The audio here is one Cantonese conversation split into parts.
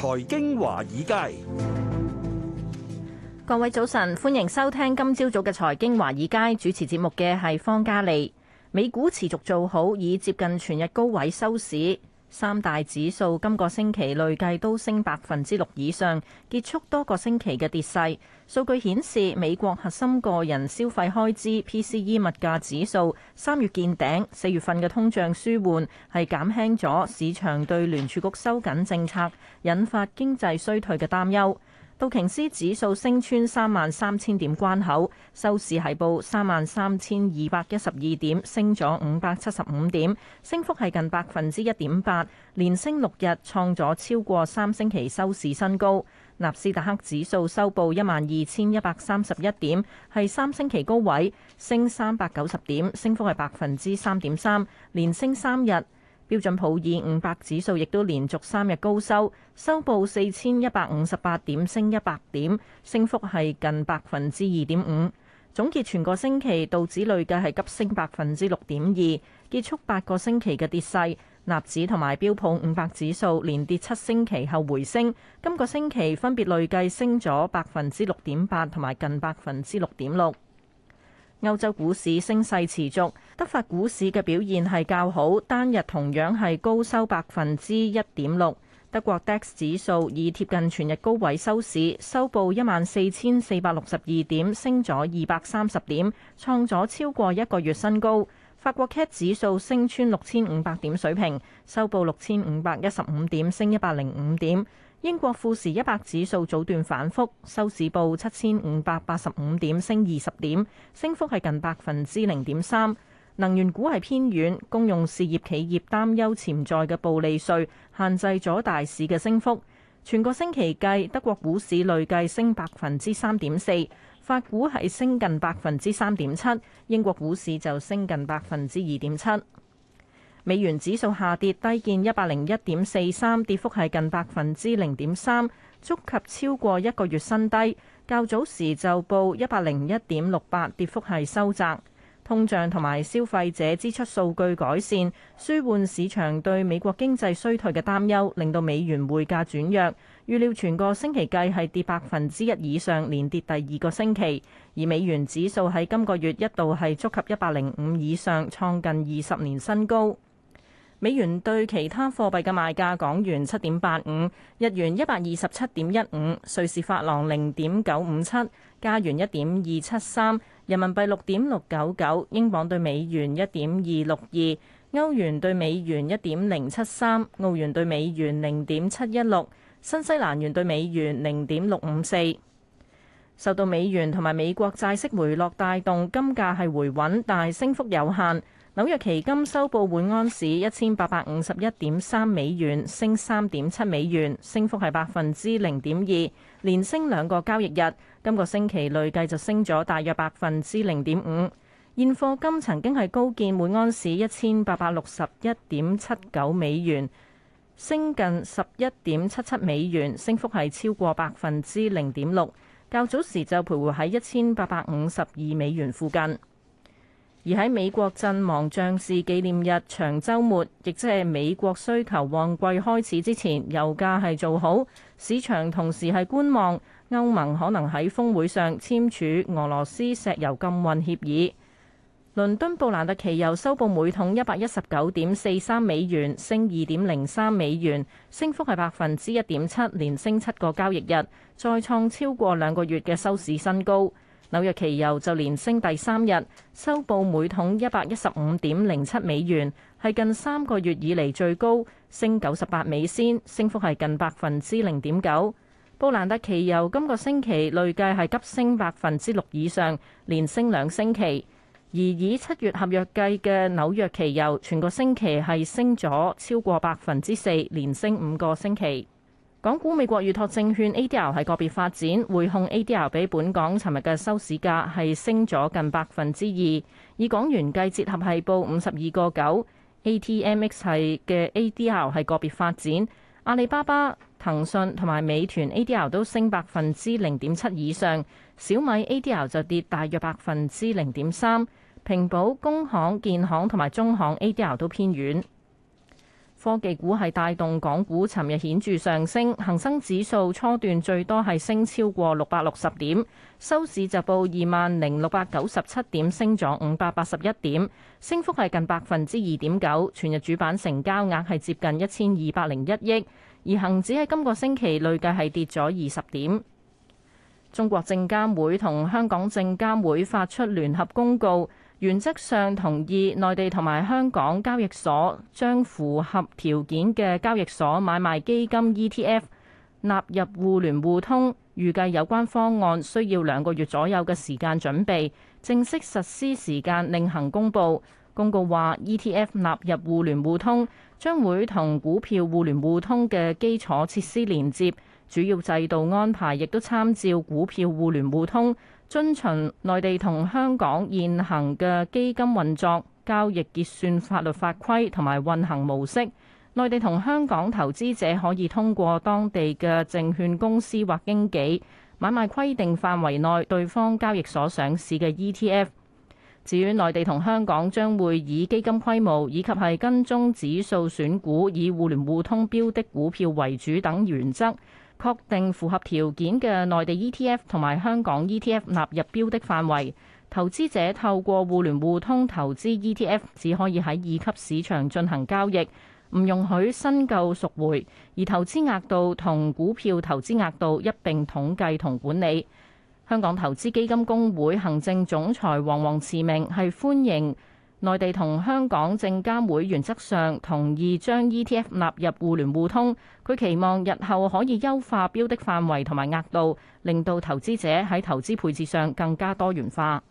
財經華爾街，各位早晨，歡迎收聽今朝早嘅財經華爾街主持節目嘅係方嘉利，美股持續做好，已接近全日高位收市。三大指數今個星期累計都升百分之六以上，結束多個星期嘅跌勢。數據顯示，美國核心個人消費開支 PCE 物價指數三月見頂，四月份嘅通脹舒緩，係減輕咗市場對聯儲局收緊政策引發經濟衰退嘅擔憂。道瓊斯指數升穿三萬三千點關口，收市係報三萬三千二百一十二點，升咗五百七十五點，升幅係近百分之一點八，連升六日，創咗超過三星期收市新高。納斯達克指數收報一萬二千一百三十一點，係三星期高位，升三百九十點，升幅係百分之三點三，連升三日。標準普爾五百指數亦都連續三日高收，收報四千一百五十八點，升一百點，升幅係近百分之二點五。總結全個星期，道指累計係急升百分之六點二，結束八個星期嘅跌勢。納指同埋標普五百指數連跌七星期後回升，今個星期分別累計升咗百分之六點八同埋近百分之六點六。歐洲股市升勢持續，德法股市嘅表現係較好，單日同樣係高收百分之一點六。德國 DAX 指數已貼近全日高位收市，收報一萬四千四百六十二點，升咗二百三十點，創咗超過一個月新高。法國 CAC 指數升穿六千五百點水平，收報六千五百一十五點，升一百零五點。英國富時一百指數早段反覆，收市報七千五百八十五點，升二十點，升幅係近百分之零點三。能源股係偏軟，公用事業企業擔憂潛在嘅暴利稅限制咗大市嘅升幅。全個星期計，德國股市累計升百分之三點四，法股係升近百分之三點七，英國股市就升近百分之二點七。美元指數下跌，低見一百零一點四三，跌幅係近百分之零點三，觸及超過一個月新低。較早時就報一百零一點六八，跌幅係收窄。通脹同埋消費者支出數據改善，舒緩市場對美國經濟衰退嘅擔憂，令到美元匯價轉弱。預料全個星期計係跌百分之一以上，連跌第二個星期。而美元指數喺今個月一度係觸及一百零五以上，創近二十年新高。美元兌其他貨幣嘅賣價：港元七點八五，日元一百二十七點一五，瑞士法郎零點九五七，加元一點二七三，人民幣六點六九九，英鎊對美元一點二六二，歐元對美元一點零七三，澳元對美元零點七一六，新西蘭元對美元零點六五四。受到美元同埋美國債息回落帶動，金價係回穩，但係升幅有限。紐約期金收報每盎司一千八百五十一點三美元，升三點七美元，升幅係百分之零點二，連升兩個交易日。今個星期累計就升咗大約百分之零點五。現貨金曾經係高見每盎司一千八百六十一點七九美元，升近十一點七七美元，升幅係超過百分之零點六。較早時就徘徊喺一千八百五十二美元附近。而喺美國陣亡將士紀念日長週末，亦即係美國需求旺季開始之前，油價係做好，市場同時係觀望歐盟可能喺峰會上簽署俄羅斯石油禁運協議。倫敦布蘭特期油收報每桶一百一十九點四三美元，升二點零三美元，升幅係百分之一點七，連升七個交易日，再創超過兩個月嘅收市新高。紐約期油就連升第三日，收報每桶一百一十五點零七美元，係近三個月以嚟最高，升九十八美仙，升幅係近百分之零點九。布蘭特期油今個星期累計係急升百分之六以上，連升兩星期。而以七月合約計嘅紐約期油，全個星期係升咗超過百分之四，連升五個星期。港股美國預託證券 ADR 係個別發展，匯控 ADR 比本港尋日嘅收市價係升咗近百分之二，以港元計折合係報五十二個九。ATMX 係嘅 ADR 係個別發展，阿里巴巴、騰訊同埋美團 ADR 都升百分之零點七以上，小米 ADR 就跌大約百分之零點三，平保、工行、建行同埋中行 ADR 都偏軟。科技股係帶動港股尋日顯著上升，恒生指數初段最多係升超過六百六十點，收市就報二萬零六百九十七點，升咗五百八十一點，升幅係近百分之二點九。全日主板成交額係接近一千二百零一億，而恒指喺今個星期累計係跌咗二十點。中國證監會同香港證監會發出聯合公告。原則上同意，內地同埋香港交易所將符合條件嘅交易所買賣基金 ETF 納入互聯互通。預計有關方案需要兩個月左右嘅時間準備，正式實施時間另行公佈。公告話，ETF 納入互聯互通將會同股票互聯互通嘅基礎設施連接。主要制度安排亦都參照股票互聯互通，遵循內地同香港現行嘅基金運作、交易結算法律法規同埋運行模式。內地同香港投資者可以通過當地嘅證券公司或經紀買賣規定範圍內對方交易所上市嘅 ETF。至於內地同香港將會以基金規模以及係跟蹤指數選股、以互聯互通標的股票為主等原則。確定符合條件嘅內地 ETF 同埋香港 ETF 納入標的範圍，投資者透過互聯互通投資 ETF，只可以喺二級市場進行交易，唔容許申購贖回，而投資額度同股票投資額度一並統計同管理。香港投資基金公會行政總裁黃王慈明係歡迎。內地同香港證監會原則上同意將 ETF 納入互聯互通，佢期望日後可以優化標的範圍同埋額度，令到投資者喺投資配置上更加多元化。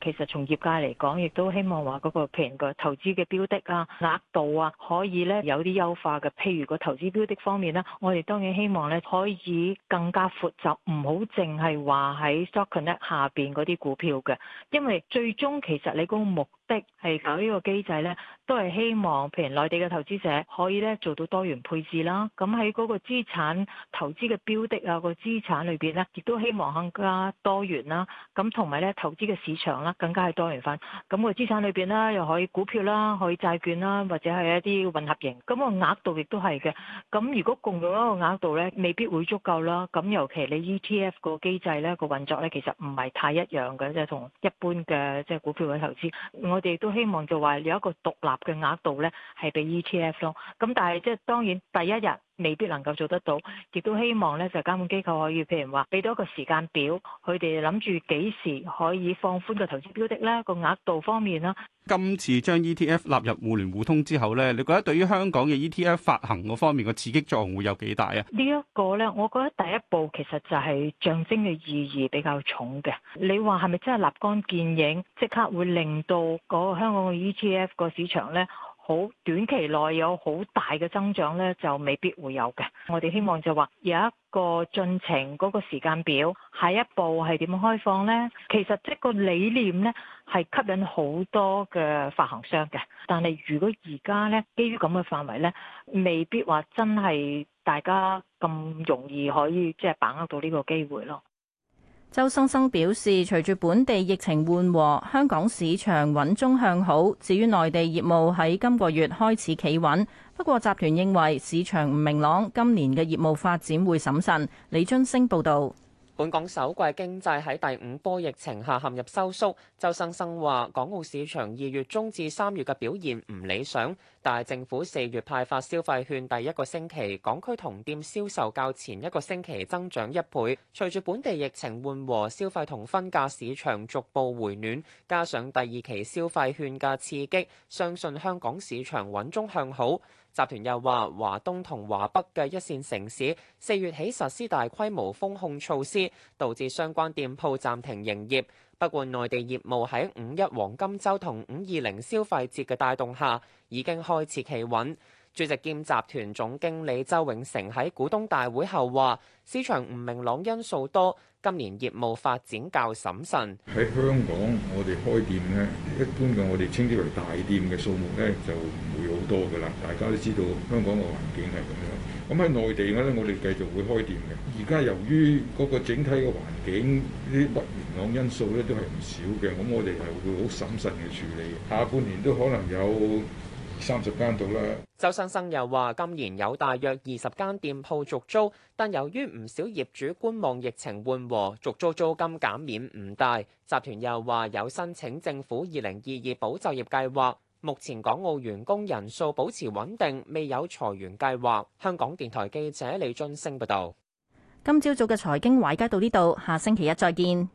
其實從業界嚟講，亦都希望話嗰、嗰個平個投資嘅標的啊、額度啊，可以咧有啲優化嘅。譬如個投資標的方面咧，我哋當然希望咧可以更加闊就，唔好淨係話喺 Stock Connect 下邊嗰啲股票嘅，因為最終其實你嗰個目.的係搞呢個機制呢都係希望，譬如內地嘅投資者可以咧做到多元配置啦。咁喺嗰個資產投資嘅標的啊，個資產裏邊呢亦都希望更加多元啦。咁同埋呢投資嘅市場啦，更加係多元化。咁個資產裏邊咧，又可以股票啦，可以債券啦，或者係一啲混合型。咁個額度亦都係嘅。咁如果共用一個額度呢，未必會足夠啦。咁尤其你 ETF 個機制呢，個運作呢，其實唔係太一樣嘅，即係同一般嘅即係股票嘅投資。我哋都希望就話有一個獨立嘅額度咧，係俾 ETF 咯。咁但係即係當然第一日。未必能夠做得到，亦都希望咧就監管機構可以，譬如話俾到一個時間表，佢哋諗住幾時可以放寬個投資標的咧，個額度方面啦。今次將 E T F 納入互聯互通之後咧，你覺得對於香港嘅 E T F 發行嗰方面個刺激作用會有幾大啊？呢一個咧，我覺得第一步其實就係象徵嘅意義比較重嘅。你話係咪真係立竿見影，即刻會令到嗰個香港嘅 E T F 個市場咧？好短期內有好大嘅增長呢，就未必會有嘅。我哋希望就話有一個進程嗰個時間表，下一步係點樣開放呢？其實即個理念呢，係吸引好多嘅發行商嘅，但係如果而家呢，基於咁嘅範圍呢，未必話真係大家咁容易可以即係把握到呢個機會咯。周生生表示，隨住本地疫情緩和，香港市場穩中向好。至於內地業務喺今個月開始企穩，不過集團認為市場唔明朗，今年嘅業務發展會審慎。李津升報道。本港首季經濟喺第五波疫情下陷入收縮，周生生話：港澳市場二月中至三月嘅表現唔理想，但係政府四月派發消費券第一個星期，港區同店銷售較前一個星期增長一倍。隨住本地疫情緩和，消費同分價市場逐步回暖，加上第二期消費券嘅刺激，相信香港市場穩中向好。集團又話華東同華北嘅一線城市四月起實施大規模封控措施，導致相關店鋪暫停營業。不過內地業務喺五一黃金周同五二零消費節嘅帶動下，已經開始企穩。主席兼集團總經理周永成喺股東大會後話，市場唔明朗因素多，今年業務發展較審慎。喺香港，我哋開店咧，一般嘅我哋稱之為大店嘅數目咧，就唔會。多嘅啦，大家都知道香港嘅環境係咁樣。咁喺內地嘅咧，我哋繼續會開店嘅。而家由於嗰個整體嘅環境，啲不明朗因素咧都係唔少嘅。咁我哋係會好審慎嘅處理，下半年都可能有三十間到啦。周生生又話今年有大約二十間店鋪續租，但由於唔少業主觀望疫情緩和，續租租金減免唔大。集團又話有申請政府二零二二保就業計劃。目前港澳員工人數保持穩定，未有裁員計劃。香港電台記者李津升報道。今朝早嘅財經華爾街到呢度，下星期一再見。